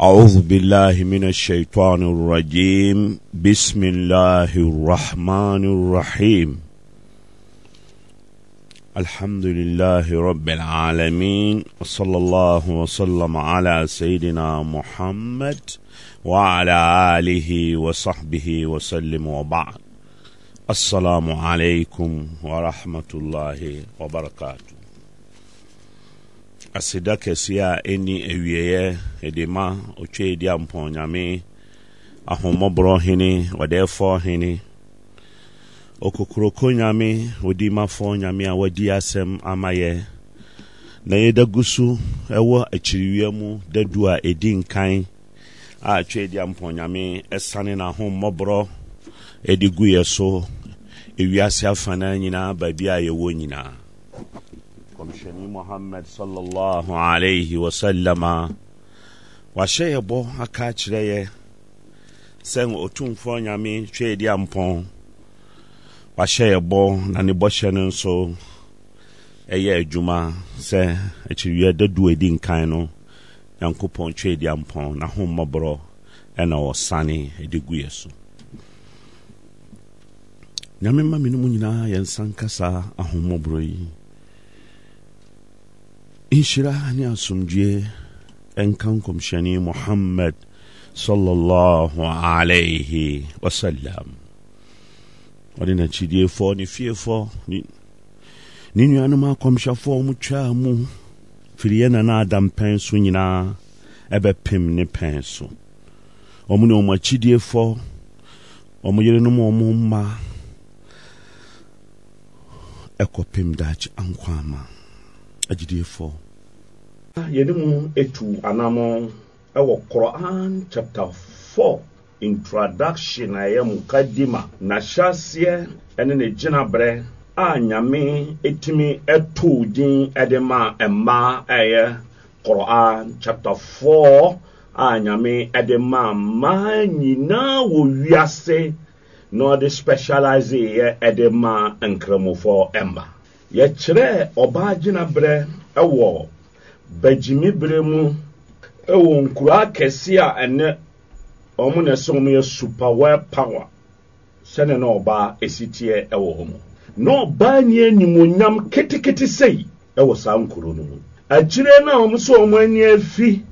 أعوذ بالله من الشيطان الرجيم بسم الله الرحمن الرحيم الحمد لله رب العالمين وصلى الله وسلم على سيدنا محمد وعلى آله وصحبه وسلم وبعد السلام عليكم ورحمة الله وبركاته aseda kɛseɛ a ɛni awieɛ ɛde ma ɔtwa edi ampɔnyame ahommɔborɔ hene ɔdɛɛfɔ hene okokoroko nyame odi mafɔ nyame a wadi asɛm ama yɛ na yɛda gu so ɛwɔ akyiriwia mu dadu a ɛdi nkan a twa edi ampɔnyame ɛsane n'ahommɔborɔ ɛde gu yɛ so ewiase afanan nyinaa baabi a yɛwɔ nyinaa kɔmhyɛni mohammad sallallahu alaihi wa sallam, wahyɛ yɛ bɔ aka kyerɛ yɛ sɛ ɔtumfoɔ nyame hwɛ di ampɔn wahyɛ yɛ bɔ na ne bɔhyɛ no nso ɛyɛ adwuma sɛ akyiriwie dadu edi nkan no nyankopɔn twɛ di ampɔn na hommɔborɔ ɛna ɔsane ɛde guɛ so nyame ma menom nyinaa yɛnsa nkasa ahommɔborɔ yi nhyira ne asomdwoe ɛnka nkɔmhyɛne muhammad sallallahu alaihi wasallam ɔde n'akyidiefoɔ ne fiefɔ ne nuanom akɔmhyɛfoɔ mu twaa mu firi yɛ nana adampɛn so nyinaa ɛbɛpem ne pɛn so ɔmo ne ɔmo akyidiefoɔ ɔmo yerenom ɔmo mma ɛkɔpem daakye ankwama agyidiefoɔ yɛde mu etu anammɔn ɛwɔ koran chapter four introduction a ɛyɛ mukadima n'ahyɛaseɛ ɛne ne gyinaberɛ a nyame etumi ɛtoo din ɛde ma mmaa ɛyɛ koran chapter four a nyame ɛde ma mmaa nyinaa wɔ wiase na ɔde specialize yɛ ɛde ma nkramofo ɛma yɛkyerɛ ɔbaa gyinaberɛ ɛwɔ. bere mu wɔ nkuro akɛse a ɛnɛ ɔmo na ɛsɛ ɔmo yɛ superwell power sɛne na ɔbaa esiteɛ ɛwɔ hɔ mu na ɔbaa ni animonyam ketekete sei ɛwɔ saa nkuro no mu akyire na ɔmo so ɔmo ani afi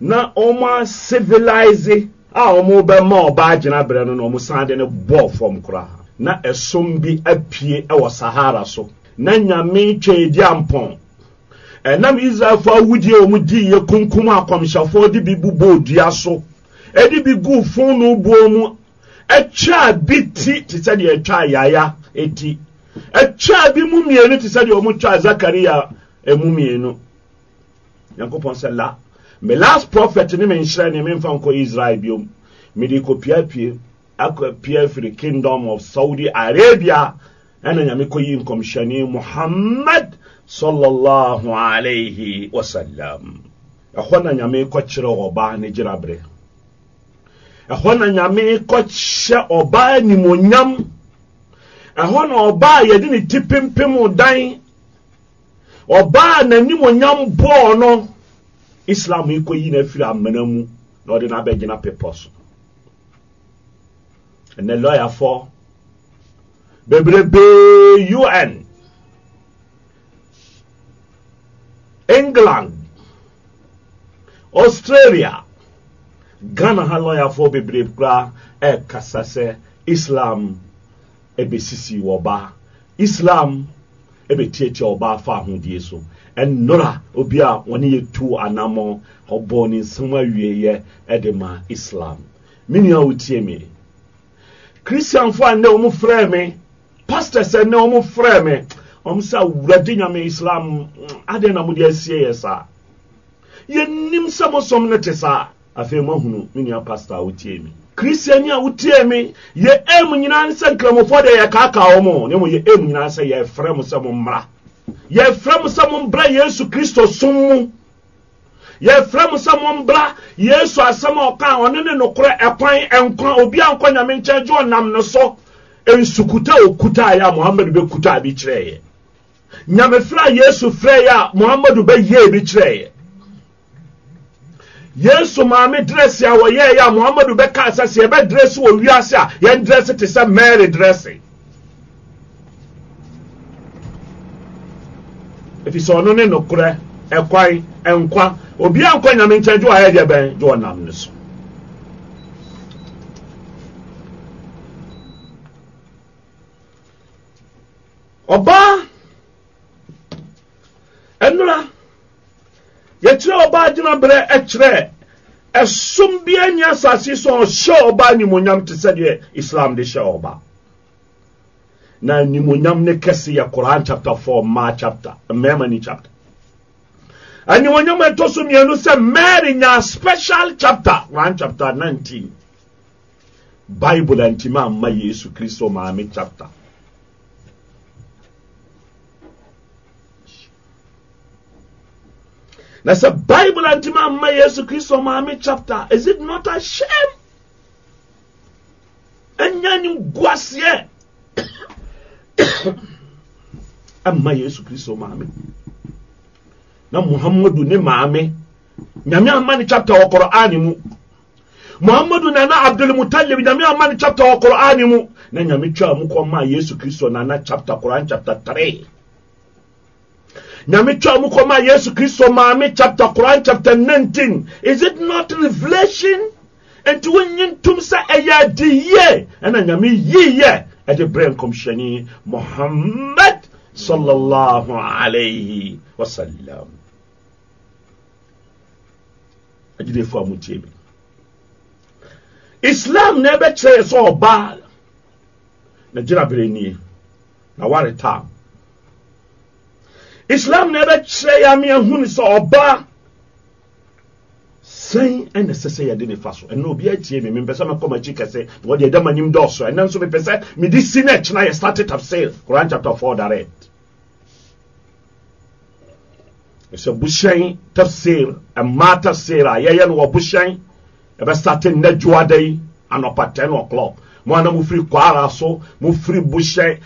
na ɔmo asivilize a ɔmo bɛma ɔbaa gyina bere no na ɔmo san de no bɔɔ fam koraa na ɛsom bi apie ɛwɔ sahara so na nyame twɛn di ampɔn ɛnam israelfoɔ awudie a wɔn di yɛ kunkum akɔmhyɛfoɔ de bi bubɔ dua so ɛde bi gu funu buo mu ɛtwa bi ti te sɛ deɛ ɛtwa yaya eti ɛtwa bi mu mmienu te sɛ deɛ wɔn twa zakaria ɛmu mmienu nyankopɔn sɛ la me last prophet ne me nhyerɛ ne me nfa nkɔ israel biom pie, kɔpiapie akɔpia firi kingdom of saudi arabia ɛna nyame kɔyi nkɔmhyɛne muhammad sallallahu alaihi wasallam ɛhɔ na nyame kɔkyerɛ ɔbaa ne gyiraberɛ ɛhɔ na nyame kɔhyɛ ɔbaa nimonyam ɛhɔ na ɔbaa yɛde ne ti pimpim dan ɔbaa n'animonyam bɔɔ no islam yi kɔyi no afiri amena mu na ɔde no abɛgyina pepɔ so ɛnɛ lɔyafoɔ bebrebee un england australia ghana ha lɔyafoɔ bebree koraa ɛkasa sɛ islam ɛbɛsisi wɔba islam ɛbɛtiatia ɔbaa fa ahodeɛ so ɛnora obi a wɔne yɛtu anammɔ ɔbɔɔ ne nsɛm awieeɛ ɛde ma islam me nua wotie me kristianfoɔ a nnɛ ɔmo frɛɛ me pastors a nnɛ ɔmo ɔm sɛ awurade nyame islam adɛn na di esie yɛ saa yɛnim sɛ mosom no te saa afei moahunu me nua pastor a wotie me kristiani a wotie me yɛ am nyinaa ne sɛ nkramofoɔ deɛ yɛkaaka wɔ mo ne mo yɛ am nyinaa sɛ yɛfrɛ mo sɛ mommra yɛfrɛ mo sɛ mombra yesu kristo sum mu yɛfrɛ mo sɛ mombra yesu asɛm a ɔka ɔne ne nokorɛ ɛkwan ɛnkwa obi ankɔ nyame nkyɛn gye ɔnam ne so nsukuta okutaa yɛ a mohamad bɛkutaa bi kyerɛeɛ Nyamefra a yesu frɛ yɛ a mohamado bɛyɛe bi yesu maame drɛse a wɔyɛeɛ a mohamado bɛkaa sɛ sɛ yɛbɛdrɛse wɔ wiase a yɛn drɛse te sɛ mary drɛse ɛfiri sɛ ɔno ne nokorɛ ɛkwan ɛnkwa obiara nkɔ nyame nkyɛn gye wɔayɛ deɛ bɛn gye wɔnam no so ɔbaa ɛnora yɛkyerɛ ɔba agyinaberɛ ɛkyerɛ ɛsom bia ni asasey son hyɛɔba animunyam te sɛdeɛ islam de hyɛ ɔba na animonyam ne kɛse yɛ koran chapta f ma chapta mmɛɛma ni chapta animonyam ɛtɔ so mianu sɛ mare nyaa special chapta koran chapta 9 bible antima amma yesu kristo maame chapta na sɛ bible antima amma yesu kristo maame chapter is it not a shame ɛnya nim guaseɛ amma yesu kristo maame na muhammadu ne maame nyame amma ne chapter wɔ kɔrɔane mu muhammadu nana abdulmutalib nyame amma ne chapter wɔ kɔrɔane mu na nyame twaa mu kɔmaa yesu kristo nana chapter kɔrɔane chapter 3 nyame twa mu kɔma yesu kristo maame chapter Quran chapter 19 is it not revelation nti wonyi ntom sɛ ɛyɛ adi yie ɛna nyame yiyɛ ɛde berɛ nkɔmhyɛni mohammad sallallahu alaihi wasallam agyidefoɔ a motie bi islam nebe ɛbɛkyerɛ yɛ sɛ ɔbaa na gyina na ware tam islam na ɛbɛkyerɛ yɛame ahune sɛ ɔba sɛn ɛnɛ ɛsɛ sɛ yɛde ne fa so ɛnɛ obi atie memmpɛsɛmɛkɔmakyi kɛse sdeɛdama yim dɔɔsɔ ɛne so mepɛ sɛ mede si ni kyena yɛsate tapser co daret ɛɛ bosɛn tapser ma tapser a yɛyɛ no wɔ bosɛn ɛbɛsate nnadwuada yi anɔpa10 ocl mo ana mofri kwara so mofri bosɛ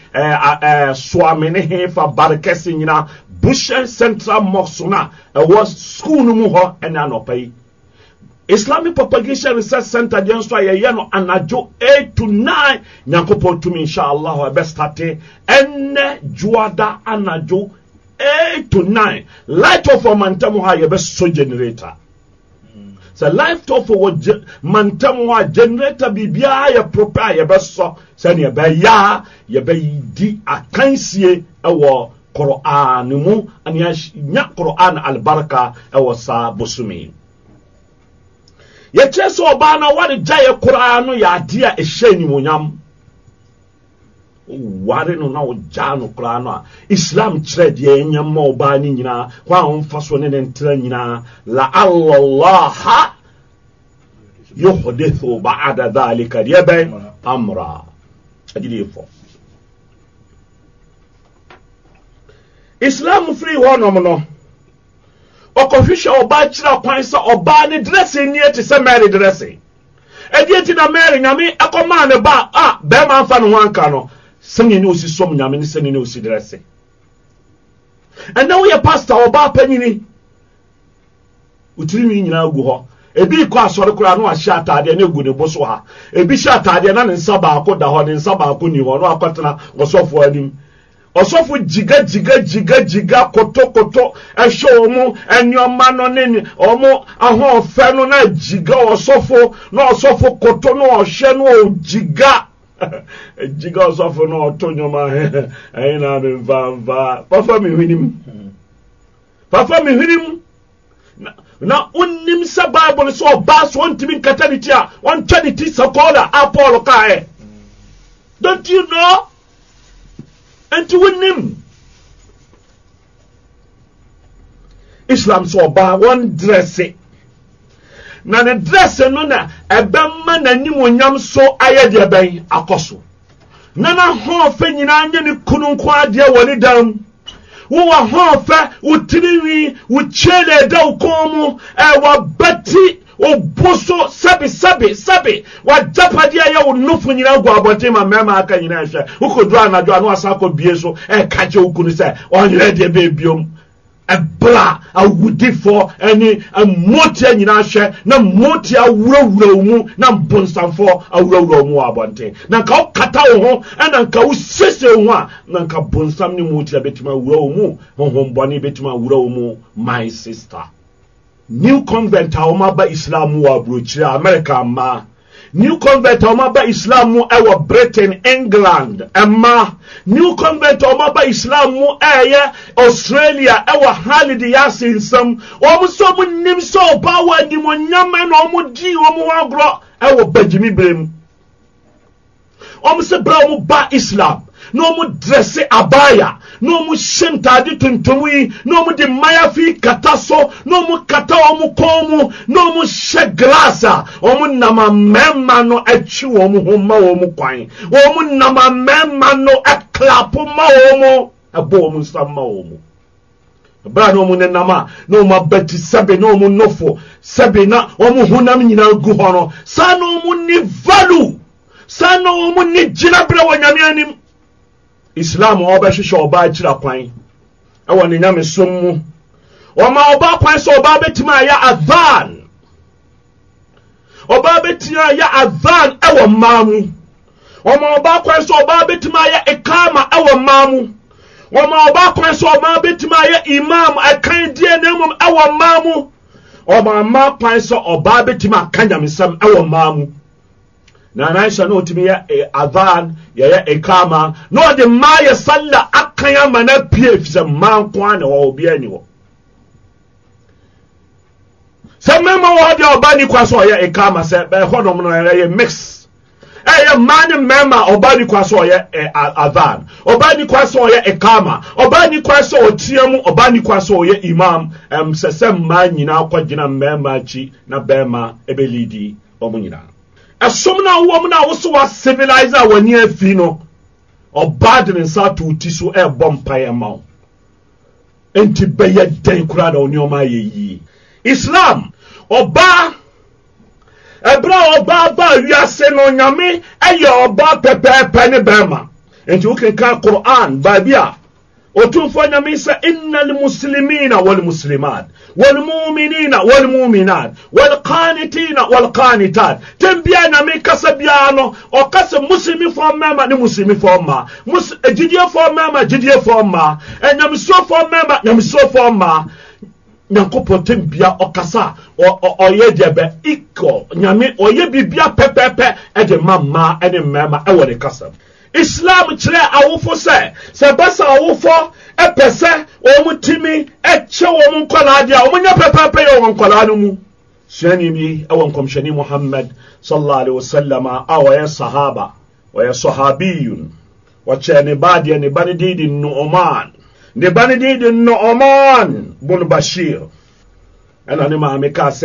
soamene he fa barkese nyina bosɛ central mosona ɛwɔ scol no muhɔ ɛne anɔpayi islamic popagation researc centr dɛnsoayɛyɛno anajo na nyankopɔn tumi insalah ɛbɛsate ɛnɛ djoada anajo na lightofmantɛmo hɔyɛbɛ sɔgenrt s life topfo wɔ mantamhɔ a generatar biribiara yɛ porɔpɛ a yɛbɛsɔ sɛneɛbɛyaa yɛbɛdi akansie wɔ kɔroane mu aneanya kuroan albarika wɔ saa bosomei yɛkyerɛ sɛ ɔbaa na waregyaeɛ koraa no yɛade a ɛhyɛ animuonyam re no na ogya noora no a islam kyerɛdeɛ nyamma ɔbaa ne nyina wan ɔmfa so ne ne ntra nyinaa laalalaha yɛ hɔ d sɛ bada alika dɛɛn islam fri hɔ nɔm nɔ ɔkɔhwehwɛ ɔba kyerɛ kwan sɛ ɔbaa ne dressen nniati sɛ mɛre dresseng adti na mary nyame ɛkɔma ne ba bɛima nfa no wanka no sɛnea ne ɔsi som nyame ne sɛnea ne ɔsi derɛ se ɛnɛ woyɛ pasta ɔbaa panyini wotirinwi nyinaa gu hɔ ebi kɔ asɔre koraa na wahyɛ ataadeɛ na egu ne bo so ha ebi hyɛ ataadeɛ na ne nsa baako da hɔ ne nsa baako ni hɔ na akɔtena ɔsɔfoɔ anim ɔsɔfo jiga jiga jiga jiga kotokoto ɛhwɛ wɔn nneɛma no ne wɔn ahoɔfɛ no na jiga ɔsɔfo na ɔsɔfo koto na ɔhwɛ na ɔjiga. gsɔf nɔ tʋ m namvava pafamnim pafa mnim ʋnmsɛ bible s baa swantimikata ditia nt diti skla a pɔl ka dnt you kn ntɩ wnim isl sb ns na ne drɛse no na ɛbɛma n'animonyam so ayɛ deɛ bɛn akɔ so na n'ahoɔfɛ nyinaa nye ne kunu nko adeɛ wɔ ne dan mu wowɔ hoɔfɛ wo tirinwi wo kyele da wo kɔn mu ɛwɔ bati obu so sɛbi sɛbi sɛbi wagyapadeɛ yɛ wo nofo nyinaa gu abɔnten ma mmarima aka nyinaa hwɛ wokɔduru anadwo a na wasan akɔ bie so ɛka gye wo kunu sɛ ɔnyerɛ deɛ bɛɛbiom ɛbla awudifo ɛne eh, mmotia nyinaa hwɛ na mmotia awurawura mu na mbonsanfo awurawura mu wɔ abɔnten na nka wokata wo ho ɛna nka wosese wo ho a na nka bonsam ne mmotia betuma awura wo mu honhombɔne bɛtumi awura wo mu my sister new convent a wɔmaba islam wɔ aburokyiri america mmaa newconvent womaba islam mu ɛwɔ britain england ɛma newconvent a womaba islam mu ɛyɛ australia ɛwɔ halidi yasensem omosomo nim sɛ oba wa animonyam ɛnaɔmodi omo wagoro ɛwɔ bagimi be m ɔmose brɛ omo ba islam ne ɔmu drɛse abaya ne mu hye ntade tontomyi ne ɔmu de mmaya afii kata so ne mu kata ɔ m kɔ mu ne mu hyɛ glass a ɔmu nam amama no aki ɔm homa m kwan ɔm nam amama no aklapo ma o mubɔ ɔm nsma mu bea ne ɔm ne nam a n ɔm abat sɛbn mnfo sɛb n ɔm honam nyinaa gu hɔn sane ɔmu ne valu sa na ɔmu ne gyeraberɛ wɔ nyame anim islam ɔwɔbɛhwehwɛ ɔbaa kyira kwan ɛwɔ nenyamesom mu ɔma ɔba kwan sɛ ɔbaa bɛtumi a yɛ aan ɔbaa bɛtimi ayɛ azan ɛwɔ mmaa mu ɔmaa ɔbaa kwan sɛ ɔbaa bɛtimi ayɛ ikama ɛwɔ mmaa mu ɔmaa ɔba kwan sɛ ɔma bɛtimi ayɛ iman ɛkan die ne mom ɛwɔ mma mu ɔmaa ma kwan sɛ ɔbaa bɛtimi aka nyamsɛm ɛwɔ mmaa mu nnahyɛne ɔtumi yɛ eh, aan yɛyɛ ekama na ɔde ma yɛ sala akamanapue fi sɛ ma ko ane ɔbiaani ɔ sɛ mmade ɔba ni ka sɛɔyɛ ama sɛ hɔnnyɛ ix ɛ ma ne mmma ɔba ni ka sɛɔyɛ aan ɔba ni kwa sɛ ɔyɛ kama ɔba ni kwa sɛ ɔteamu eh, ɔba ni kwa sɛɔyɛ imam sɛ sɛ mmaa nyinaa kɔgyena mmama kyi na bɛma bɛidi ɔmnyinaa ɛsom no wowɔm no wosowa civilise w'ani afii no ɔbaa dene nsatoo ti so âɛ bɔ mpaeɛmawo enti bɛyɛ dɛn koradeo neɔma a yɛ yi islam ɔbaa ɛberɛ ɔbaa ba wiase no nyame ɛyɛ ɔbaa pɛpɛɛpɛ ne bɛɛma enti wokenkan koran baabi a otomfɔ nyame sɛ inna almuslemiina wal muslimat walmuminiina walmuminat waalkanitiina walkanitat tembia nyame kasa bia no ɔkase mosimi fm mama ne mosimi fɔ ma gyidie fmma gidie fɔ ma nyamesuofmmɛma nyamesuofm ma yankpɔ tembia ɔkasa yɛdbɛ io ameɔyɛ bibia pɛpɛpɛ ɛde mama ne mmama ɛwɔdekasam islam kyerɛ awofo sɛ sɛ ɛbɛ sa awofɔ pɛ sɛ ɔ mtumi ɛkyɛ wɔ m nkɔlaa de a ɔmanya pɛpɛpɛ yɛ wɔn nkɔlaa no mu sua nim yi ɛwɔ nkɔmhyɛni mohamad sl i wasalam a a ɔyɛ sahaba ɔyɛ sahabiun wɔkyɛɛ ne baa deɛ nebano dei de nɔoman ne ba no dei de nɔoman bun basyirɛna ne maameka s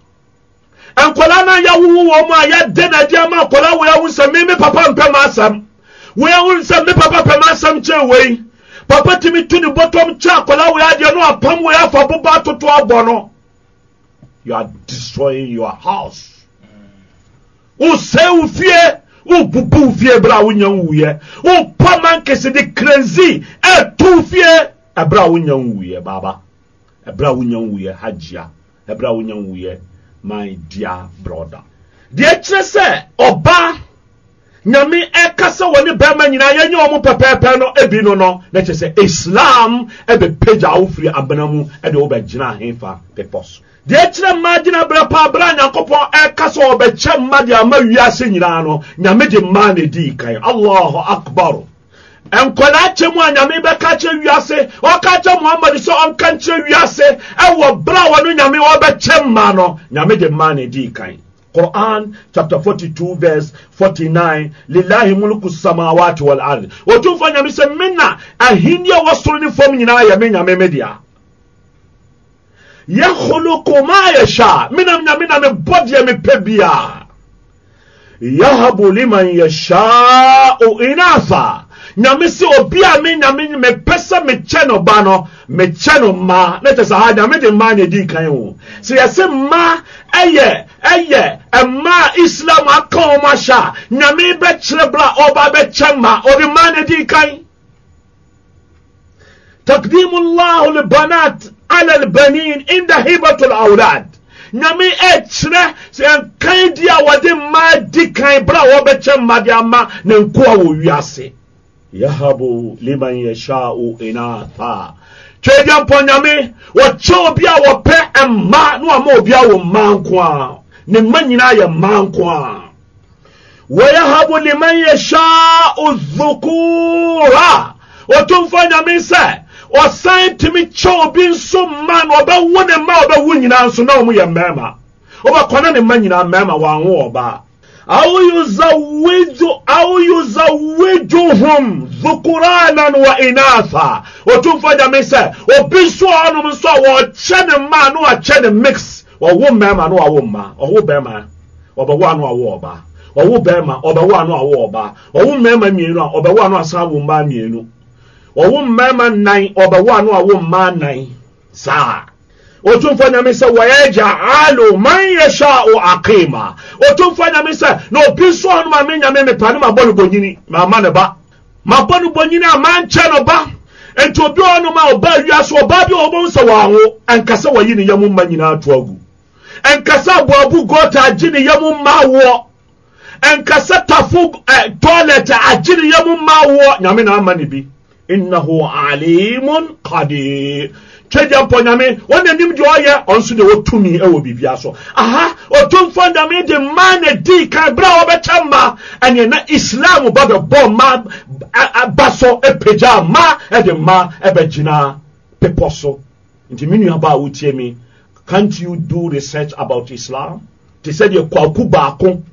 ka nayawowowm a yɛdenadima koawo wonsme me papampm asɛm woawons me papapm asɛm kyewei papa timi tu nebotm kya koaoadeɛneapam we afa bobatotoab no you a desting you house wosewo fie wo bubu fie bra wonyaowuɛ wopa mankesede keransi atoofie bra wonyaowu baba erwonyowu aa rou deɛ kyerɛ sɛ ɔba nyame ɛeka sɛ wɔne barima nyinaa yɛanyɛ wɔ mu pɛpɛɛpɛ no abi no no na ɛkye sɛ islam bɛpegya wo firi abena mu ade wobɛgyena ahefa pepɔ so deɛ kyerɛ mma gyinaberɛ paabera a nyankopɔn ɛeka sɛ wɔbɛkyɛ mma de ama wiase nyinaa no nyame de mma ne dii kae allahu akbar ɛnkɔlaa kyɛmu a nyame bɛka kyerɛ wiase ɔka akyɛ mohamad sɛ ɔm kankyerɛ wiaase ɛwɔ bra wɔ no nyame wɔbɛkyɛm ma nɔ nyame de ma ne dii kanotomfa nyame sɛ me na aheniɛ wɔso ne fam nyinaa yɛ me nyame me de a yɛholoko ma yashyaa menom nyame na mebɔ deɛ mepɛ bia yahble man yasao inaha nyame sɛ obi a me nyame mepɛ sɛ mekyɛ no ba no mekyɛ no ma ne tɛ sɛ ha nyame de mma ne adii kan o sɛ yɛsɛ mma ɛyɛ ɛyɛ ɛma a islam aka ɔm ahyɛ a nyame bɛkyerɛ bra a ɔba bɛkyɛ ma ɔde mma ne adii kan takdim llah lbanat ala lbanin inda hibat laulad nyame ɛkyerɛ sɛ ɛnkan di a wɔde mma di kan bra a wɔbɛkyɛ mma de ama ne nkoa wɔ wiase yahabu liman yashau inatha twɛdwa nyame wɔkyɛ obi a wɔpɛ mma na wama obi a wɔ nko a ne ma nyinaa yɛ mma nko a wɔyahabu liman yashau dhukura wɔtomfɔ nyame sɛ ɔsan tumi kyɛ obi nso mma na ɔbɛwo ne nyinaa nso na ɔmo yɛ mmarima wɔbɛkɔne ne nyinaa mmarima ɔbaa au yuzawiju au yuzawijuhum dhukuranan wa inatha ɔtumfo nyame sɛ obi so a ɔnom nso a ne mma na wɔakyɛ ne mix wɔwo mmarima na wɔawo mma ɔwo barima ɔbɛwo a na ɔba ɔwo ɔbɛwo ɔba ɔwo mmarima mmienu a ɔbɛwo awo mmaa mmienu ɔwo mmarima nnan ɔbɛwo mmaa nnan saa otumfɔɔ nyame sɛ wɛja alo man yashao akima otumfɔ nyame sɛ naɔbi soɔnoma me nyame nepane mabɔ nobonyini maamaneba mabɔ ne bonyini a mankyɛ no ba ntɔ obi ɔnoma ɔba wia so ɔbaa bi ɔbɔm sɛ waaŋo ɛnkasɛ wayi neyam mma nyinaa toagu ɛnkasɛ abwabu got agje ne yam mma awoɔ ɛnkasɛ tafo toilɛt agje ne yam mma woɔ nyame naama ne bi innaho alimun kadir twɛgya mpɔnyame ɔnanim deɛ ɔyɛ ɔnso de wotumi wɔ biribia so aha ɔtomfa dame de mma na dii kan berɛ a wɔbɛkyɛ mma ɛnɛ na islam wobabɛbɔ maba sɔ apegya mma de mma bɛgyina pepɔ so nti menuabaa wotie me cant you do research about islam te sɛdeɛ kwako baako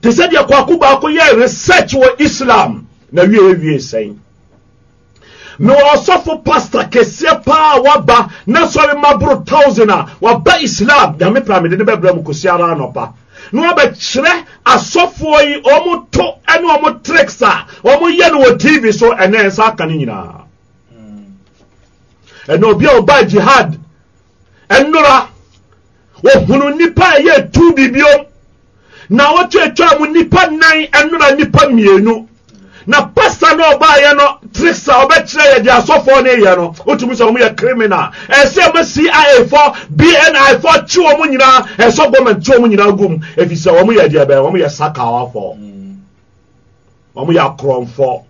te sɛdeɛ kwako baako yɛ research wɔ islam na wiewie sɛn mewɔ asɔfo pasto kɛsiɛ paa a woaba na nsɔremaboro tousn0 a waba islam name pramede ne bɛbra mukɔsi ara nɔba na wabɛkyerɛ asɔfoɔ yi ɔ moto ɛne ɔ mo tris a ɔmoyɛ no wɔ tv so ɛnɛ sa aka no nyinaa ɛnɛ obi a wo ba jihad ɛnora ɔhuno nnipa a ɛyɛ tu biribiom na wɔtweatwaa mo nnipa nan ɛnora nnipa mmienu na pasta no ɔbaayɛ no tricks a ɔbɛkyerɛ yɛ de asɔfoɔ no yɛ no wotumi sɛ ɔmo yɛ criminal ɛsɛ ma cia fɔ bni fɔ kyi wɔn mo nyinaa ɛsɔ gɔmɛnt kyi wɔn mo nyinaa gum efi sɛ wɔn yɛ deɛ bɛyɛ wɔn yɛ sakawafɔ wɔn yɛ akorɔnfɔ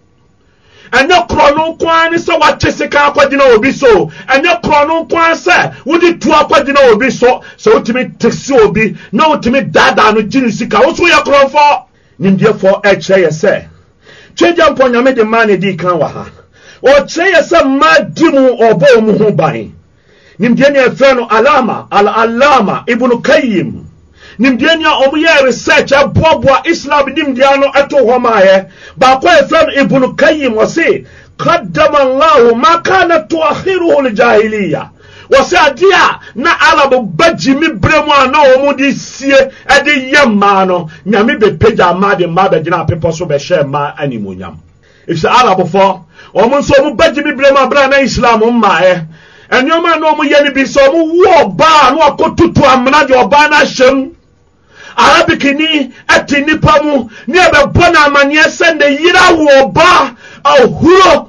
ɛnyɛ korɔ no kwan ne sɛ wakye sika akɔgyina obi so ɛnyɛ korɔ no kwan sɛ wode tu akɔgyina obi so sɛ wotumi tese obi na wotumi daadaa no gye ne sika wo so woyɛ korɔnfɔ nimdeɛfoɔ ɛkyerɛ yɛ sɛ twegya mpɔ nyame de mane dii kan wa ha ɔkyerɛ yɛ sɛ maa di mu ɔbɔɔ mu ho ban nimdeɛ nea ɛfɛ no alama alalama ibnukayim nimdee nea ɔmo yɛɛ research aboaboa islam nimdea no ɛto hɔ maaɛ baakɔ ɛfrɛ no ibnu kayim ɔ se kadam laho makana toahirohu ljaheliya wɔsɛ adeɛ a na arab ba gyimi berɛ mu a na wɔn mu de sie de yɛ mmaa no nyame bɛpagya mmaa de mmaa bɛgyina apepɔ so bɛhyɛ mmaa animonyam efisɛ arabfoɔ wɔn nso wɔn ba gyimi berɛ mu a berɛ a na islam mmaeɛ nneɛma a na wɔn yɛ no bi sɛ wɔn wu ɔbaa na wɔkɔ tutu amena de ɔbaa no ahyɛ mu arabic ni ɛte nipa mu ne ɛbɛbɔ no amanneɛ sɛ ne yera wɔ ɔbaa ahuro.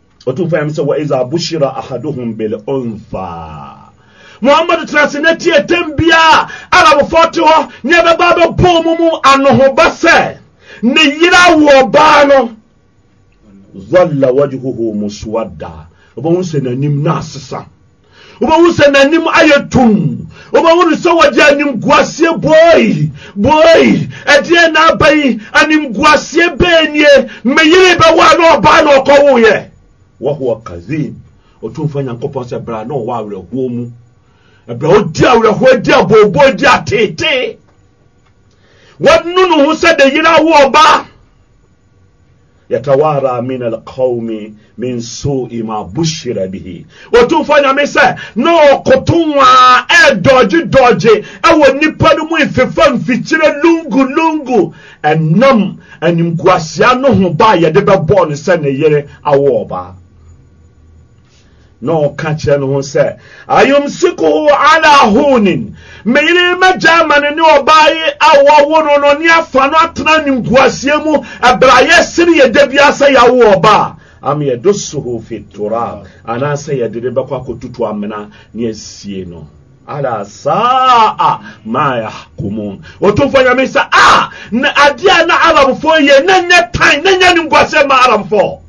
ɛisabusira ahahumbel nfa mohamado transinatiatem biaa arabfɔtwɔ yɛ bɛbaa bɛboɔ momu anoho ba sɛ ne yera woɔbaa no wala wajhho mosoada wobɛwonsɛnanim naasesa wobɛwon sɛ nanim ayɛ tum obɛwonɛ sɛ waya anim goaseɛ booi booyi adeɛ naba yi anim goaseɛ beenie me yere bɛwoa lɔɔbaa nɔ ɔkɔwoyɛ whoa kazin ɔtomfa nyankopɔn sɛ brɛa na ɔwɔ awerɛhoɔ mu brɛ ɔdi awerɛhoɔ di abobo di ateetee wɔnono ho sɛ de yere awoɔba yatawara min alkaumi minso ima bosyira bi hi ɔtumfa nyame sɛ na ɔkoto o a ɛɛ dɔɔgyedɔɔgye ɛwɔ nnipa no mu ɛfefam mfikyire lungulungu ɛnam anim koasea noho baa yɛde bɛbɔɔ no sɛne yere awoɔbaa na ɔka kyerɛ ne ho sɛ ayomsikoho ala honin meyere ma ama ne ɔbaa yi a no no ne afa no atena ne nkuaseɛ mu ɛbrɛ yɛsere yɛda bia sɛ yɛawo ɔbaa ama yɛdo soho fi torab anaasɛ yɛde de bɛkɔ akɔtutu amena ne asie no ala saa ma yahkumun ɔtomfo nyame sɛ a na adeɛ a na arabfɔ yɛ na nyɛ tan na nyɛ ne ma arabfoɔ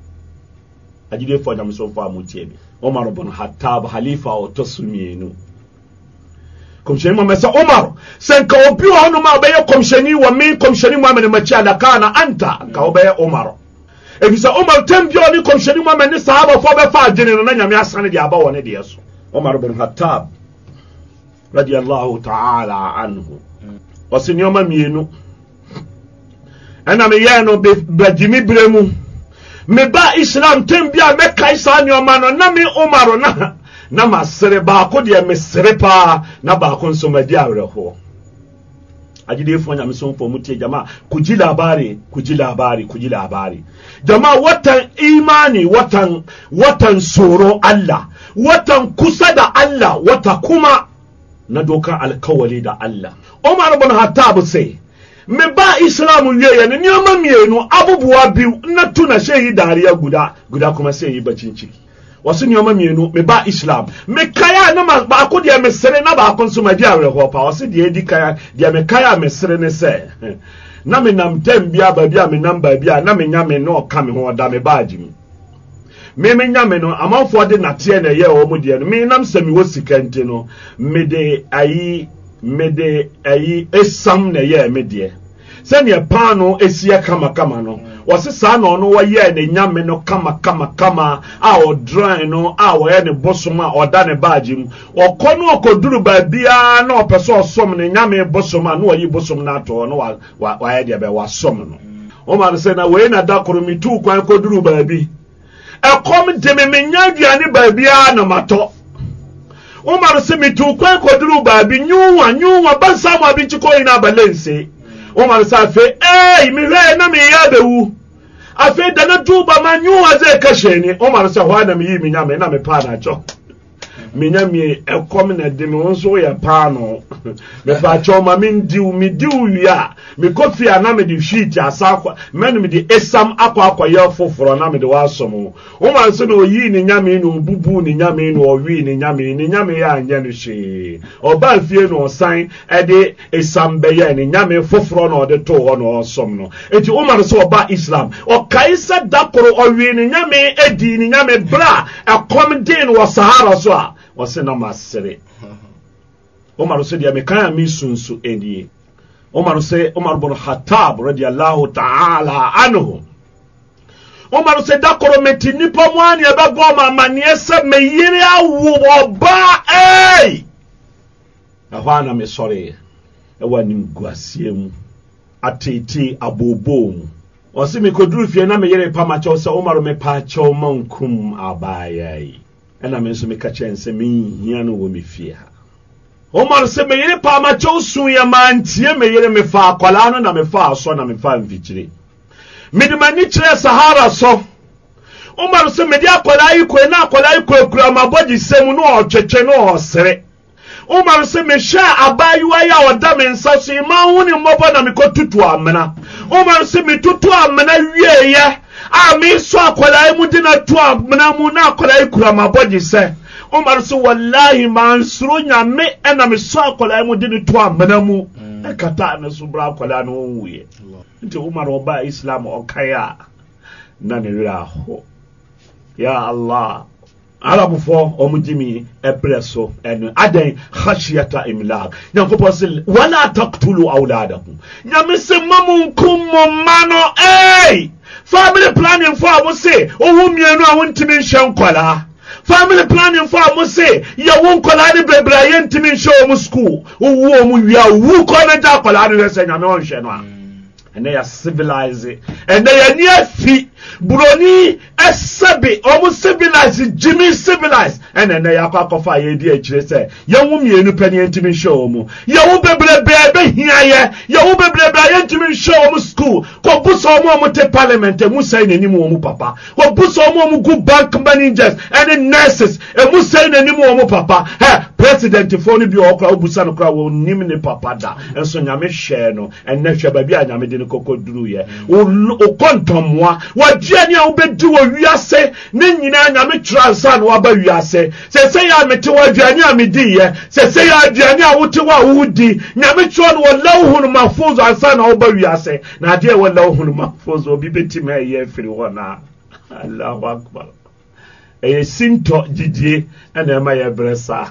agyedefoɔ nyame sɛ mfa a motie bi omar bin hattab halifa a ɔtɔ so mmienu omar sɛ nka obi wɔ hɔnom a ɔbɛyɛ wa wɔ me kɔmhyɛni muhammed machi adaka na anta ka wobɛyɛ omar sa omar tam bia ɔne kɔmhyɛni muhammed ne sahabafoɔ bɛfa adwene no na nyame asane deɛ aba wɔ ne so omar bin hattab radiyallahu taala anhu ɔse mienu. mmienu me meyɛɛ no bagyimi berɛ ba islam tem bi a mɛkae saa nneɔma no na me omaro na na masere baako deɛ mesere paa na baako nso madi awerɛhoɔ agyedeefoɔ nyame somfoɔ mu tie jamaa kugyi labari kugyi labari kugyi labari jamaa watan imani watan watan soro allah watan kusa da allah wata kuma na doka alkawali da allah umar bin hattab sai Me ba islam wieɛ no nneɛma mmienu aboboa bi na tu na hyɛ yi dareɛ guda guda kɔma sɛ yi bakyinkyi wɔso nneɛma mmienu ba islam mekae a na baako deɛ mesere na baako nso madi awerɛhɔ pa wɔse deɛ ɛdi kae deɛ mekae a mesere ne sɛ na menam tam bi a baabi a menam baabi a na menya me na ɔka me ho ɔda me baagye mu meme nyame no amanfoɔ de nateɛ na ɛyɛ wɔ mu deɛ no menam sɛ mewɔ sika nti no mede ayi mede ayi esam na ɛyɛ me deɛ sɛdeɛ paa no ɛsia kamakama no wɔse saa na ɔno wɔyɛɛ ne nyame no kamakamakama a ɔdran no a wɔyɛ ne bosom a ɔda ne baagye mu ɔkɔ no ɔkɔduru baabiara na ɔpɛ sɛ ɔsom ne nyame bosom a na wɔyi bosom no atɔ no wayɛ deɛ bɛ wasom no ɔma no sɛ na wei na da koro metuu kwan kɔduru baabi ɛkɔm deme menya aduane baabiara na matɔ woma no sɛ metuu kwan kɔduru baabi nyuwa nyuwa bansa mu abi nkyi kɔyi no abalɛ nsee wɔma sɛ afei ei mehwɛɛ na meyɛ abɛwu afei da no duu ba ma nwowa sɛ ɛka hyɛni wɔma sɛ hɔ a na mi menyame na mepaa no akyɔ menya mie ɛkɔm na ɛdi mi wɔn nso yɛ paano mɛpakyɛw ma mi ndiw mi diw wia mi kofi a na mi di hwiiti asa akɔ mɛnu mi di esam akɔ akɔyɛ foforɔ na mi di wasɔm wɔn ma nso na oyi ne nyame na obubu ne nyame na ɔwi ne nyame ne nyame yɛ anyɛ no hwee ɔbaa fie na ɔsan ɛde esam bɛyɛ ne nyame foforɔ na ɔde to hɔ na ɔsɔm no eti wɔn ma nso ɔbaa islam ɔkae sɛ dakoro ɔwi ne nyame edi ne nyame bra ɛkɔm den wɔ sahara so a wɔse na masere omar sɛ deɛ mekan a mesunsu ɛnie omar sɛ omar bn hatab radiallahu taala anhu omar sɛ da koro mete nnipa mu a ne ɛbɛbɔ ma amanneɛ sɛ meyere awo ɔba ei ɛhɔ a na mesɔreɛ ɛwɔ animguaseɛ mu ateetee abooboo mu ɔse mekoduru fie na meyere pamakyɛw sɛ omar mepaakyɛw ma nkum abaayaa ɛna me nso meka kyɛn sɛ menhia no wɔ me fie a womare se me yere paamakyɛw sum ɛ maantie me yere me faa akwɔraa no na me faaa sɔ na mefa mfigyire mede mani kyerɛɛ sahara sɔ oma re se mede akwaraa yi kwe ne akwaraa yi kurakura amabɔgdyisɛm ne ɔtwɛkyɛ ne ɔɔ sere oma re se mehwɛɛ abaa yiwayɛ a ɔda me nsa so mmahone mmɔbɔ na mekɔ tuto ammena oma re se metoto amena wieeyɛ a menso akwadaa yi mu de na tu amena mu na akwadaa yi kura ma bɔgye sɛ omar sɛ wallahi mansoro nyame ɛna meso akwadaa yi mu de ne to amena mu mm. ɛkata ne so bra akwadaa no wɔwuiɛ nti omar ɔbaa islam ɔkae a na ne werɛ ahɔ ya allah arabufoɔ ɔmo gyimi ɛbrɛ so ɛno adan hahyiyata imlak nyankopɔn sɛ wala taktulu auladakum nyame sɛ ma mo nkum mo mma no ei family planningfɔɔ a mo se wo wo mmianu a wontimi nhyɛ nkɔraa family planningfɔɔ a mo se yɛwo nkɔraa ne brebraea yɛ ntimi nhyɛo mu skuul wowuo mu wi awu kɔ ne gya kɔraa ne hwɛ sɛ nyame ɔ nhwɛ no a ɛnɛ ya civilise ɛnɛ yɛneafi boroni ɛsɛbi ɔmo civilized Jimmy civilized ɛna ɛnɛ yɛakɔ akɔfa a yɛdi akyire sɛ yɛwo mmienu pɛ ne yɛntumi nhyɛ wɔ mu yɛwo bebrebee ɛbɛhia yɛ yɛwo bebrebee a yɛntumi nhyɛ wɔ mu school kɔbu sɛ ɔmo ɔmo te parliament ɛmu sɛe n'anim wɔ mu papa kɔbu sɛ ɔmo ɔmo gu bank managers ɛne nurses ɛmu sɛe n'anim wɔ mu papa ɛ president foɔ no bi wɔ kora wobusa no kora wɔnim ne papa da nso nyame hyɛɛ no ɛnɛ hwɛ baabi a nyame de no kɔkɔ duruiɛ wokɔ ntɔmmoa wiase ne nyinaa nyame twerɛ ansa na waba wiase sɛsɛ yɛ a mete wɔ aduane a mediiɛ sɛsɛ yɛ aduane a wote wɔ a wowodi nyame twerɛ no wɔlawhunu mahfos ansa na woba wiase na adeɛ wɔlawhunu mahfos obi bɛtumi ayɛ afiri hɔ no a allahu akbar ɛyɛ sintɔ gyidie ɛna ɛma yɛbrɛ saa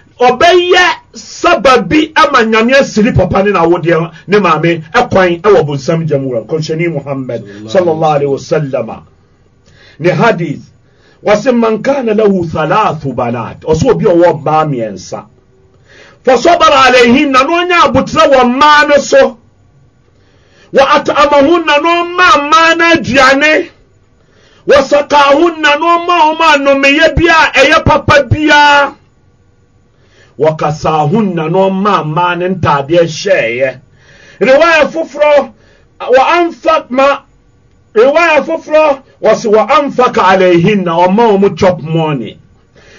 ɔbɛyɛ saba bi ma nyame siri papa ne nawodeɛ ne maame ɛkɔn ɛwɔ bonsɛm gyamwa nkɔnhyɛni mohammad sl lah li wasalm a ne hadith wɔsi man kana lahu thalathu banat ɔsɛɔbi ɔwɔ maa miɛnsa fa sober alayhimna naɔnyɛ abotara wɔ mmaa ne so wɔ ataamahonna naɔmaa mmaa no aduane wɔ sakaho nna naɔma ɔma a nomeeɛ biaa ɛyɛ papa biaa wɔkasaahunna noɔmaa mmaa ne ntabeɛ hyɛɛeɛ rewiat foforɔ ɔse wɔ amfak alaihinna ɔma ɔmu chɔpmɔne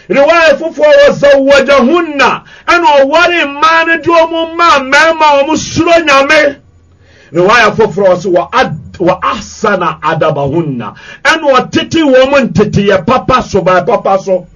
rewiat foforɔ wɔ sawagahunna ɛne ɔwɔre mmaane doɔmu maa mama ɔ m suro nyame rewia foforɔ ɔse wa ahsana adabahunna ɛnɛ ɔtete wɔm nteteyɛ papa sobaepapa so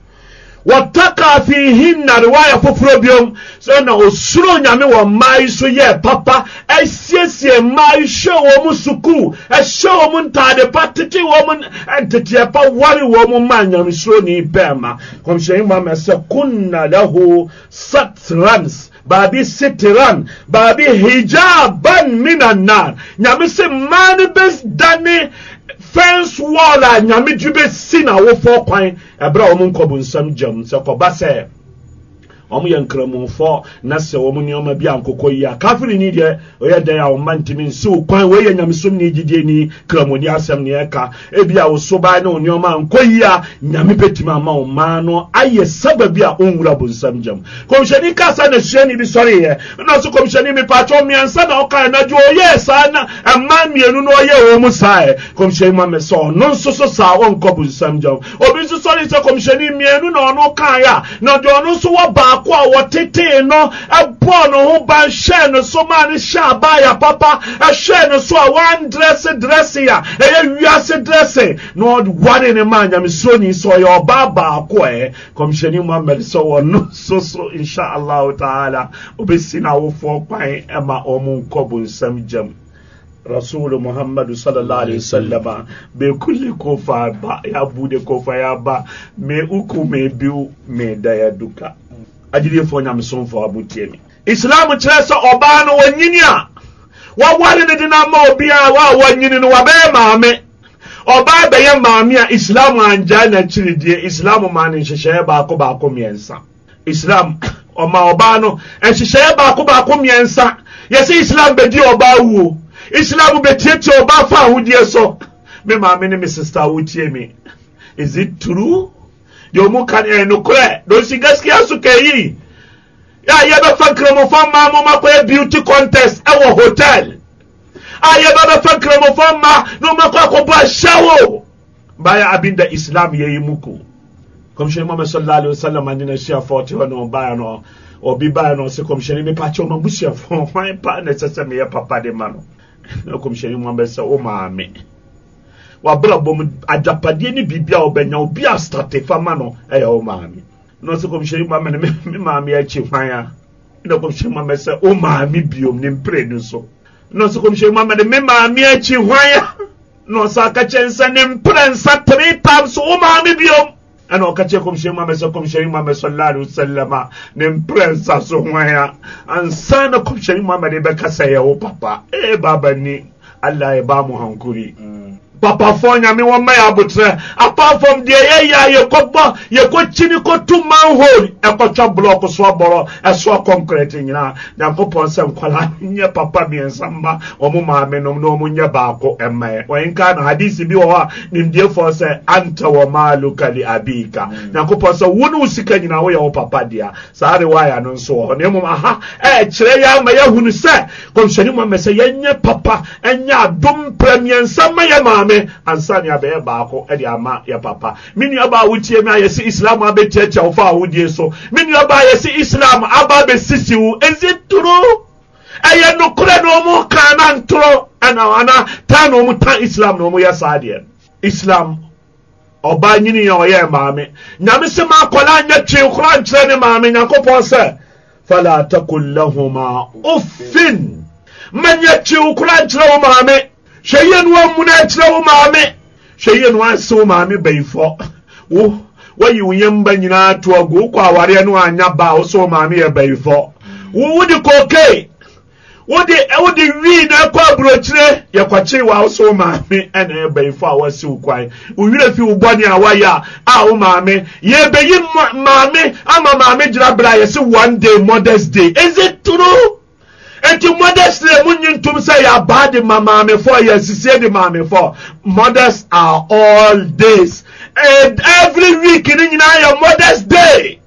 wataka fihinna rewaia fuforo biom sɛna osuro nyame w mayi so yɛ papa ɛsiesiɛ mai sɛwomu suku ɛsɛwomu ntade pa tetewm ɛnteteɛ pa ware womu ma nyamesuroni bɛma ksɛimamesɛ kuna lah satrans babi sitran babi hijaban min anar nyame se mane bes dane fence wall a nyame dwi bɛsi na awofoɔ kwan ɛberɛ a wɔn nkɔbu nsɛm gyam sɛ kɔba sɛ wɔn yɛ nkramofo na sɛ wɔn nneɛma bi ankokɔ yi a kafiri ni deɛ ɔyɛ dɛ a wɔn mma ntumi nsiw kwan wɔyɛ nyamesom ne gyidie ni kramoni asɛm ne ɛka ebi a wɔso ban ne wɔn nneɛma ankɔ yi a nyame bɛtumi ama wɔn no ayɛ saba bi a ɔnwura bonsam gyam komisɛni kasa na suani bi sɔre yɛ ɛna so komisɛni mi paatɔ mmiɛnsa na ɔka yɛ n'adwo ɔyɛ saa na mmaa mmienu na ɔyɛ wɔn mu saa yɛ komisɛni mu amɛ sɛ ɔno nso so saa ɔnkɔ bonsam gyam obi nso sɔre sɛ komisɛni mmienu na ɔno kaa yɛ a na ɔde ɔno nso wɔ baa baako a wɔtetee no ɛbɔɔ ne ho ban hyɛɛ ne so maa ne hyɛ abaaya papa ɛhyɛɛ ne so a wandrɛse drɛse a ɛyɛ wiase drɛse na ɔware ne maa nyamesuroni sɛ ɔyɛ ɔbaa baako ɛ kɔmhyɛni muhammad sɛ wɔno so so inshallah taala wobɛsi no awofoɔ kwan ɛma ɔmo nkɔ bonsam gyam rasul muhammadu sallallahu alaihi wasallama bai kulle kofa ba ya bude kofa ya ba mai uku mai biyu mai daya duka islam kyerɛ sɛ ɔbea no ɔnyini a woawane ne de na mma obiara waa wɔanyini no wabɛyɛ maame ɔbaa bɛyɛ maame a islam angyae nakyiredie islam maane nhyehyɛeɛ baako baakommiɛnsa islam ɔma ɔbaa no nhyehyɛeɛ baako baako mmiɛnsa yɛ sɛ islam bɛdii ɔbaa wuo islam bɛtietie ɔbaa fahodie so me maame ne me sista wɔtie mi isi t deɛ ɔmu ka eh, no yɛ nokorɛ donsi gaskiya so kɛyi a yɛbɛfa nkramofo mmaa mo makɔyɛ beauty contest ɛwɔ hotel a yɛbɛbɛfa nkramofo mmaa na ɔmakɔ akɔbɔ ahyɛwo baya abin da islam ya yi muku komishin mama sallallahu alaihi wasallam an dina shia hɔ na ɔbaa no ɔbi baa no sɛ komishin mi pa kyɛw ma busuafo ɔman pa na ɛsɛ sɛ meyɛ papa de ma no na komishin mama sɛ ɔmaame wabrabɔ mu agyapadeɛ ne bibia a wɔbɛnya obi astate sate fama no ɛyɛ wo maame na ɔsɛ kɔmhyɛni maame no me maame akyi hwan a na kɔmhyɛni maame sɛ wo maame biom ne mprɛ ni so na ɔsɛ kɔmhyɛni maame no me maame akyi hwan a na ɔsɛ aka kyɛ nsa ne mprɛ nsa three times wo maame biom ɛna ɔka kyerɛ kɔmhyɛni maame sɛ kɔmhyɛni maame sallallahu alaihi wasallam a ne mprɛ so hwan a ansa na kɔmhyɛni maame de bɛka sɛ ɛyɛ papa ee baaba ni ala yɛ ba mu hankuri. Mm. papafoɔ nyame wɔma yɛ abotrɛ apart from deɛ yɛyɛ a yɛkɔbɔ yɛkɔkyi ne kɔtu manhole ɛkɔtwa blɔk so abɔrɔ ɛso akɔnkrɛte nyinaa nyankopɔn sɛ nkwala nyɛ papa mmiɛnsa mma ɔmo maamenom na ɔmo nyɛ baako ɛmɛɛ ɔyɛnka na hadisi bi wɔ hɔ a nimdiefoɔ sɛ anta wɔ maaluka li abika nyankopɔn sɛ wo ne wo sika nyinaa woyɛ wo papa dea saa rewaya no nso wɔ hɔ na mmom aha ɛɛkyerɛ yɛ ama yɛahunu sɛ kɔmhyɛne mu amɛ sɛ yɛnyɛ papa ɛnyɛ eh, adom prɛ mmiɛnsa ma yɛ maame nyame ansa ne abɛyɛ baako de ama yɛ papa minu nuaba a wotie me a yɛsɛ islam abɛtiatia wo fa a wodie so me nuaba a yɛsɛ islam aba bɛsisi wo ɛsi turo ɛyɛ nokorɛ na ɔmo ka na ntoro ɛna ana taa na ɔmo ta islam na ɔmo yɛ saa deɛ islam ɔbaa nyini a ɔyɛ maame nyame ma akɔla nyɛ twee korɔ nkyerɛ ne maame nyankopɔn sɛ fala takul lahuma uffin manyɛ twee korɔ nkyerɛ wo maame hwɛ yie no amu no akyerɛ wo maame hwɛ yie no ase wo maame bɛyifɔ wo wayi wo yɛmba nyinaa to agu wokɔ awareɛ no anya baa a maame yɛ bɛyifɔ wo wode kɔkee wode wode wii na ɛkɔ aburokyire yɛkɔkye wa wo so wo maame ɛna ɛbɛyifo a wɔasi wo kwan wo werɛ fi wo bɔne a woayɛ a wo maame yɛbɛyi maame ama maame gyina berɛ a yɛse one day mothers day is it true ntmodest day munyitom sɛ yabaa de mamaame fô yɛasisie de maame fô moderst ar all days every week ne nyinay moders day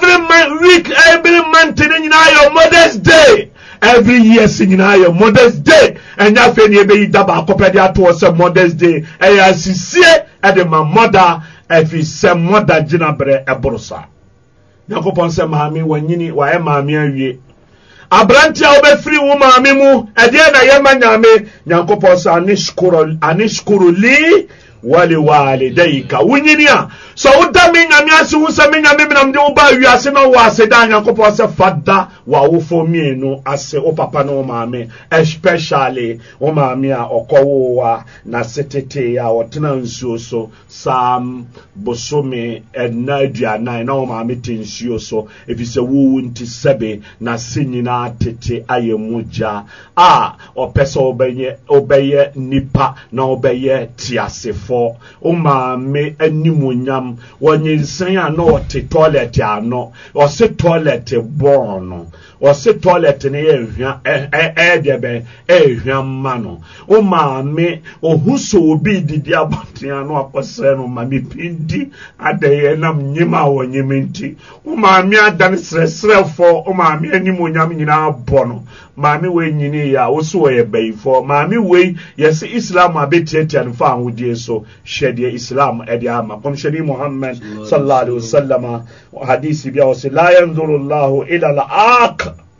ver week very mant ne nyinayɔ moders day every yea s nyinay moders day ɛnya fe ne beyi dabaakɔpde atoɔ sɛ moders day âyɛsisie âde ma mɔda fi sɛ mɔda gyina brâ âborɔsa nyankopɔn sɛ mani ma abrantia obe fre womaamimu edienayema nyame nyankopos ani skurule woyini a sɛ woda me nyame ase wo sme nyame bnamde wobawi ase nwaseda nyankpɔ sɛ fada wwofeno as wo papa no omam especially mam a ɔk woa nasetta tena nsuo s sa senannaomamte nsuo s fisɛ wo nt s nase nyinaa tte ay ma ɔpɛ sɛ obɛyɛ nipa na wobɛyɛ tasefɔ nkurɔfoɔ wo maame animuonyam wɔnyinsɛn a na ɔte toilet ano ɔse toilet bɔɔ no ɔse toilet no yɛ hwa ɛyɛ deɛ bɛn ɛyɛ hwa mma no wo maame ohu sɛ obi didi abɔntea no akɔsrɛ no maame pindi adɛyɛ nam nyim a wɔnyim nti wo maame adane srɛsrɛfoɔ wo maame animuonyam nyinaa bɔ no maame wei nyini yɛ a woso wɔyɛ bɛyifoɔ maame wei yɛsɛ islam a bɛtiatia no fa ahodie so hyɛ deɛ islam ɛde ama kɔmhyɛni muhammad sallallahu alaihi wasallam hadisi bi a wɔ la yanzuru llahu ila al aq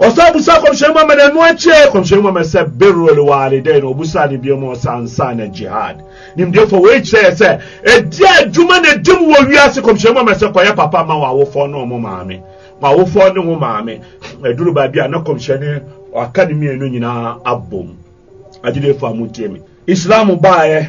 ɔsɛ busa kɔmhyɛni muhammed ɛnu akyɛ kɔmhyɛni muhammed sɛ berol waalidɛn obusa ne biom ɔsansa na jihad nimdeɛfo wei kyerɛ sɛ ɛdi e adwuma na ɛdi mu wɔ wiase kɔmhyɛni muhammed sɛ kɔyɛ papa ma wɔ awofoɔ ne ɔmo maame ma awofoɔ ne ho maame ɛduru baabi a na kɔmhyɛni aka ne mmienu nyinaa abom agyedeɛfo a mo tie me islam baeɛ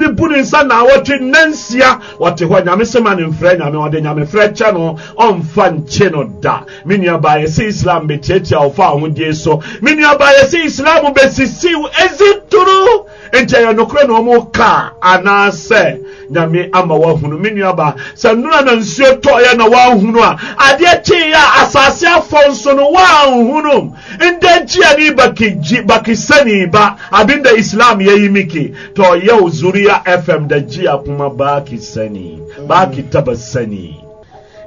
ebune nsa na wɔte nnɛnsia wɔte hɔ nyame sama ne mfrɛ nyame ɔde nyamefrɛ kyɛ no ɔmfa nkye no da menua bayɛ sɛ islam bɛtiatia wɔfawo hodie so menua bayɛ sɛ islam bɛsisiw asi turu nkyɛyɛ nokore neɔm ka anaasɛ nyame ama wahunu me nuaba sɛ nnora na nsuo tɔɔeɛ na wahunu a adeɛ kyeeɛ a asase afɔ nso no woanhunu nda gyiani bakisani ba abinda islam yɛyi miki to yau zuria fm da jiya kuma baki sani baki taba sani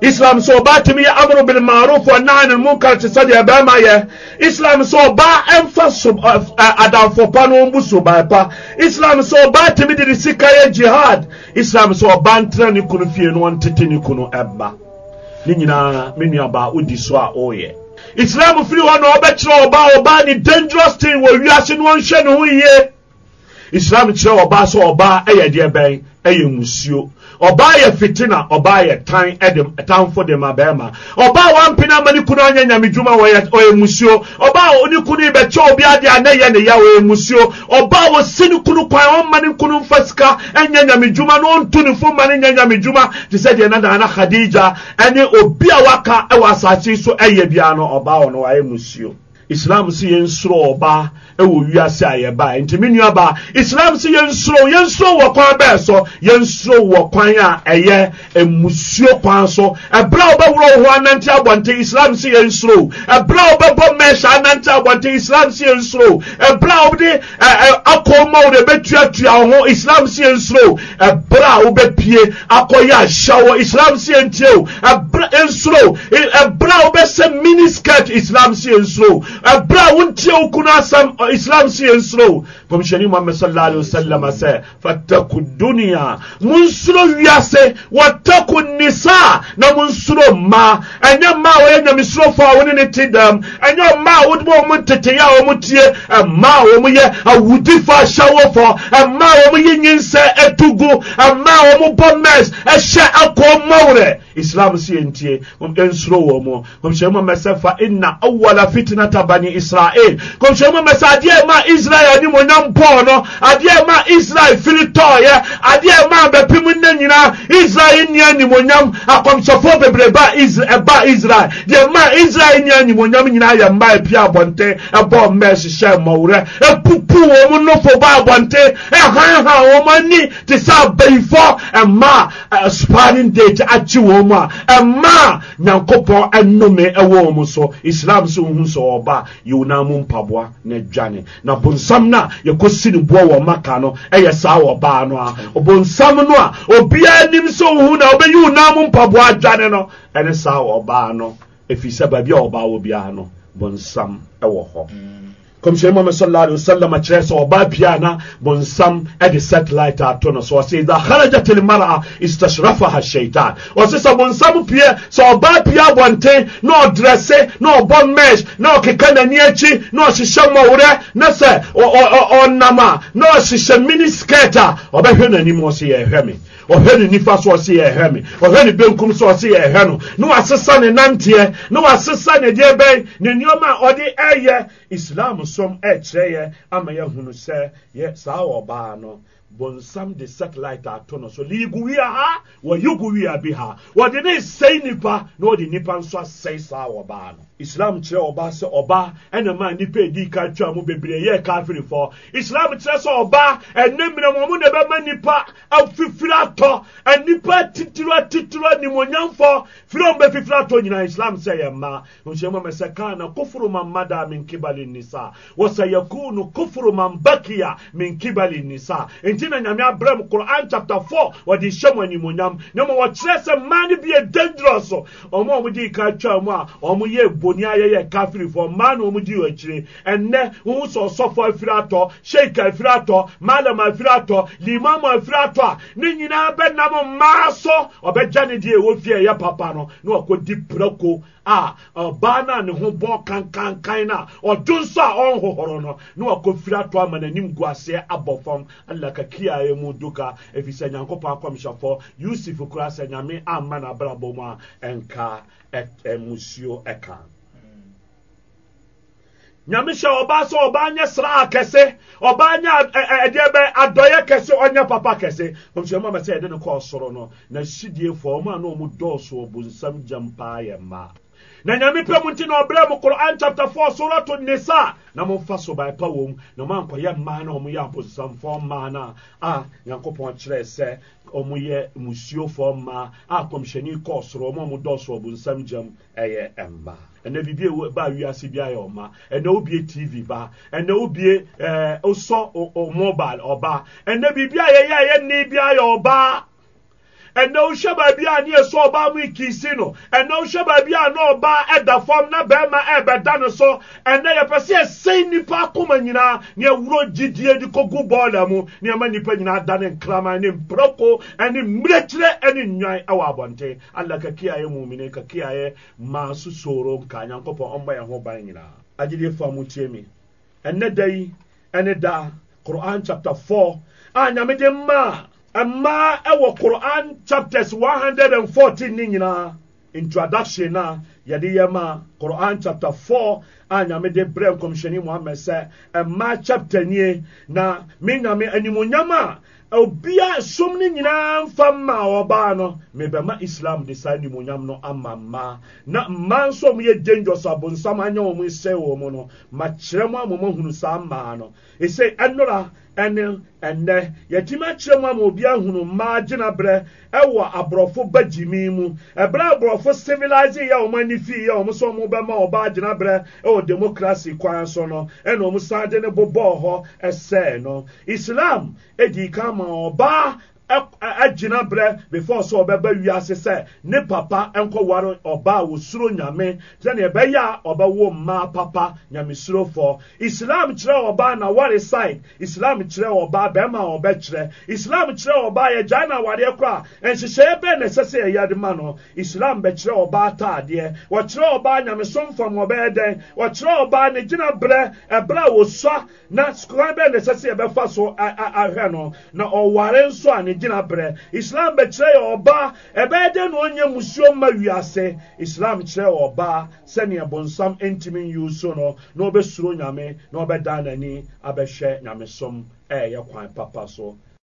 islam so ɔbaa tumi yɛ amoro bin maaruf wa naa ne munkar te sɛdeɛ bɛrima yɛ islam so ɔbaa ɛnfa so uh, adamfo pa no ɔmbu so baa e pa islam so ɔbaa tumi de ne sika yɛ jihad islam so ɔbaa ntena ne kunu fie no ɔntete ne kunu ɛba e ne nyinaa me nuabaa wodi so a ɔreyɛ islam firi hɔ na ɔbɛkyerɛ ɔbaa ɔbaa ne dangerous thing wɔ wiase no ɔnhwɛ ne ho yie islam kyerɛ ɔbaa sɛ ɔbaa ɛyɛ deɛ bɛn ɛyɛ nsuo ɔbaa yɛ fitina ɔbaa yɛ tan ɛde tanfo de ma bɛrima ɔbaa wampene ama ne kunu anyɛ nyame dwuma wɔyɛ ɔyɛ nsuo ɔbaa a ne kunu bɛkyɛ obi adeɛ a ne yɛ ne yɛ ɔyɛ nsuo ɔbaa a wɔsi ne kunu kwan ɔmma ne kunu mfa sika ɛnyɛ nyame dwuma na ɔntu ne fo ma ne nyɛ nyame dwuma te sɛ deɛ nada ana khadija ɛne obi a waka ɛwɔ asase so ɛyɛ biara no ɔbaa wɔ no wɔayɛ nsuo islam s yɛnsuro ba wɔwase yɛba ntimenuaba islam s ɛnu ɛnurw kwan bɛ s yɛnsuro w kwan a yɛ musuo kwan s bra bɛwor ho anant abnt islams yɛnsuo ɛbmes anatabnt islam syɛnu embtatawho islam s nsu bra wobpe akɔyɛhyw islam stin minist islam s nsuro ɛberɛa wontie wo kuno asɛm uh, islam se yɛ nsuro bomsyɛni muhamad sala lei wasalem sɛ fatako dunya monsuro wiase watako nisa na monsuro mma ɛnyɛ ma wo yɛ nyamesurofɔ a wone ne te dɛm ɛnyɛ ma wodemo ɔmoteteya wɔmo tie ama wɔmoyɛ awudifa asyɛwofɔ ama wɔmo yɛ nyinsɛ atugu e ama e wɔmo bɔ mɛs e ɛhyɛ ako mɔwerɛ islam sɛntie ɛnsurowm mmɛsɛ fainna awala fitinata bane israel kmsmɔmɛsɛ adeɛ ma israel animonyam pɔɔnɔ adeɛ ma israel firitoyɛ adeɛ ma bapimunɛ nyina israel nni animonyam akomsɛfo bebre ɛba israel deɛ ma israel n animonyam nyina yɛmmaapia abɔnte ɛbɔ mɛ syeyɛɛ mmɔworɛ pupu wom nofobaabɔnte ɛhaha om ani te sa baifo ɛma spanindag akyewom ma ɛmaa nyankopɔn ɛnome wɔ mu so islam nso wohu s wɔba yoonaa mu mpaboa ne dwane na bonsam no a yɛkɔsi ne boɔ wɔ mmaka no ɛyɛ saa wɔ baa no a bonsam no a obiaa nim nso wohu na wobɛyuwona mo mpaboa dwane no ɛne saa wɔbaa no ɛfiri sɛ baabi a wɔbaa wɔ biara no bonsam wɔ hɔ wkyeɛ sɛ ɔba pina bo nsam de satelite ato no ɔs itha haragat lmara istashrafaha sitan ssɛ bo nsam p s ɔbaa pia bte na drɛse na ɔbɔ mɛs na ɔkeka nane akyi na ɔhyehyɛ mmworɛ nsɛ ɔnama na ɔhyehyɛ miniskɛte ɔbhwɛ no anmɔs yɛ me ɛ nonfa sɔsyɛ m n bnkm sɔsyɛ no n sesane nanteɛ ne sesanedeɛbɛ nenma ɔde ɛyɛ islam nsɛm ɛkyerɛ yɛ ama yɛhunu sɛ yɛ saa ɔbaa no bɔnsam de satellite ato no so liiguwia ha wɔyiguwia bi ha wɔde ne nsɛe nipa na wɔde nipa nso asɛe saa ɔbaa no islam kyerɛ ɔba sɛ ɔba ɛna maa nipa edi ka atwa mu bebree yɛ kafirifɔ islam kyerɛ sɛ ɔba ɛne mìíràn wɔn mu na ɛbɛma nipa afifiri atɔ ɛnipa titiri atitiri animonyamfɔ firi ɔn bɛ fifiri atɔ nyinaa islam sɛ yɛ mma nhyɛn mu ɛsɛ kan na kofuru ma mma daa min kibali nisa wɔsɛ yakunu kofuru ma mbakiya min kibali nisa nti na nyame abraham koran chapter four wɔde hyɛ mu animonyam na mo wɔkyerɛ sɛ mmaa no bi yɛ dangerous ɔmo a wɔn di ka atwa mu a wɔn yɛ ebu mponi ayɛyɛ kafiri fɔ mmaa na wɔn gyi wɔn akyire ɛnɛ wɔn sɔ sɔfo afiri atɔ sheik afiri atɔ malam afiri atɔ limam afiri atɔ a ne nyinaa bɛnam mmaa so ɔbɛgya ne deɛ ɛwɔ fie ɛyɛ papa no ah, ah, na wakɔdi prako a ɔbaa no ne ho bɔ kankankan no a ɔdo nso a ɔnhohoro no na wakɔfiri atɔ ama n'anim gu aseɛ abɔ fam ala kakiaeɛ mu duka ɛfiri sɛ nyankopɔn akɔmhyɛfoɔ yusuf kora sɛ nyame amma n'abrabɔ mu a ɛnka eh, musuo ɛka nyame hyɛ ɔbaa sɛ ɔbaa nyɛ sraa kɛse ɔbaa nyɛ ɛdeɛ bɛ adɔyɛ e, e, kɛse ɔnyɛ papa kɛse kɔmhyɛ mu ama sɛ yɛde no kɔɔ soro no na hyidiefoɔ ɔmo a na ɔmo dɔɔso ɔbonsam gyam paa yɛ mmaa na nyame pɛ mu nti na ɔbrɛ mu quran chapter 4 surato nisa na momfa so bae pa wɔ mu na moankɔyɛ mmaa na ɔmoyɛ abosamfoɔ mmaa no a nyankopɔn kyerɛɛ sɛ ɔmoyɛ musuofoɔ mmaa a kɔmhyɛni kɔɔ soro ɔmo a mo dɔɔso ɔbonsam gyam ɛyɛ mmaa ɛnɛ biribi ba wiase bi ayɛ ɔma ɛnɛ wobie tv ba ɛnɛ wobie ɛɛ osɔ mobile ɔba ɛnɛ biribi a yɛyɛ yɛ ne bi ayɛ ɔbaa ɛnna wohyɛ baabi a ne ɛsɛ ɔbaa mu ikiisi no ɛnna wohyɛ baabi a na ɔbaa ɛda fam na bɛrima ɛbɛda ne so ɛnna yɛpɛ sɛ ɛsɛn nipa akoma nyinaa ne ɛwuro gyidie de kogu bɔɔla mu ne ɛma nipa nyinaa da ne nkraman ne mprako ɛne mmirekyerɛ ɛne nnwan ɛwɔ abɔnten ala kakia yɛ mumini kakia yɛ maa susoro nka nyankopɔn ɔmbɔ yɛn ho ban nyinaa agyere fa mu tie mi ɛnna da yi ɛne da quran chapter four a nyame de mmaa ɛwɔ quran chapters one hundred and fourteen ne nyinaa introduction na yɛde yɛ ma quran chapter four a nyame de brɛ nkɔmhyɛni muhammed sɛ mmaa chapter nie na me nyame animonyam a obia som no nyinaa mfa mma ɔbaa no mebɛma islam de saa nimonyam no ama mmaa na mmaa nso ɔmo yɛ dangerous abonsam anyɛ wɔn nsɛe wɔn mu no makyerɛ mu ama mahunu saa mmaa no ɛsɛ ɛnora ɛne ɛnɛ yɛtumi akyerɛ mu ama obi ahunu mmaa gyinaberɛ ɛwɔ aborɔfo bagyimi mu ɛberɛ aborɔfo civilise yɛ wɔn ani fii yɛ wɔn so wɔn bɛma ɔbaa gyinaberɛ ɛwɔ democracy kwan so no ɛna wɔn san de ne bobɔɔ hɔ ɛsɛɛ no islam edi kan ma ɔbaa agyina berɛ before sɛ ɔbɛba wiase sɛ ne papa nkɔware ɔba a wɔsuro nyame sɛnea ɛbɛyɛ a ɔbɛwo mmaa papa nyamesurofoɔ islam kyerɛ ɔbaa na ware side islam kyerɛ ɔbaa bɛrima a ɔbɛkyerɛ islam kyerɛ ɔbaa yɛgyae na awareɛ kɔ a nhyehyɛeɛ bɛɛ na ɛsɛ sɛ yɛyɛ de ma no islam bɛkyerɛ ɔbaa taadeɛ wɔkyerɛ ɔbaa nyamesomfam ɔbɛyɛ dɛn wɔkyerɛ ɔbaa ne gyina berɛ ɛberɛ a wɔsua na kwan bɛɛ na ɛsɛ sɛ yɛbɛfa so ahwɛ no na ɔware nso a ne ne gyinaberɛ islam bɛkyerɛ yɛ ɔba ɛbɛyɛ dɛ na ɔnyɛ musuo ma wiase islam kyerɛ ɔba sɛnea bonsam ntumi nyi so no na ɔbɛsuro nyame na ɔbɛdan n'ani abɛhwɛ nyamesom ɛɛyɛ kwan papa so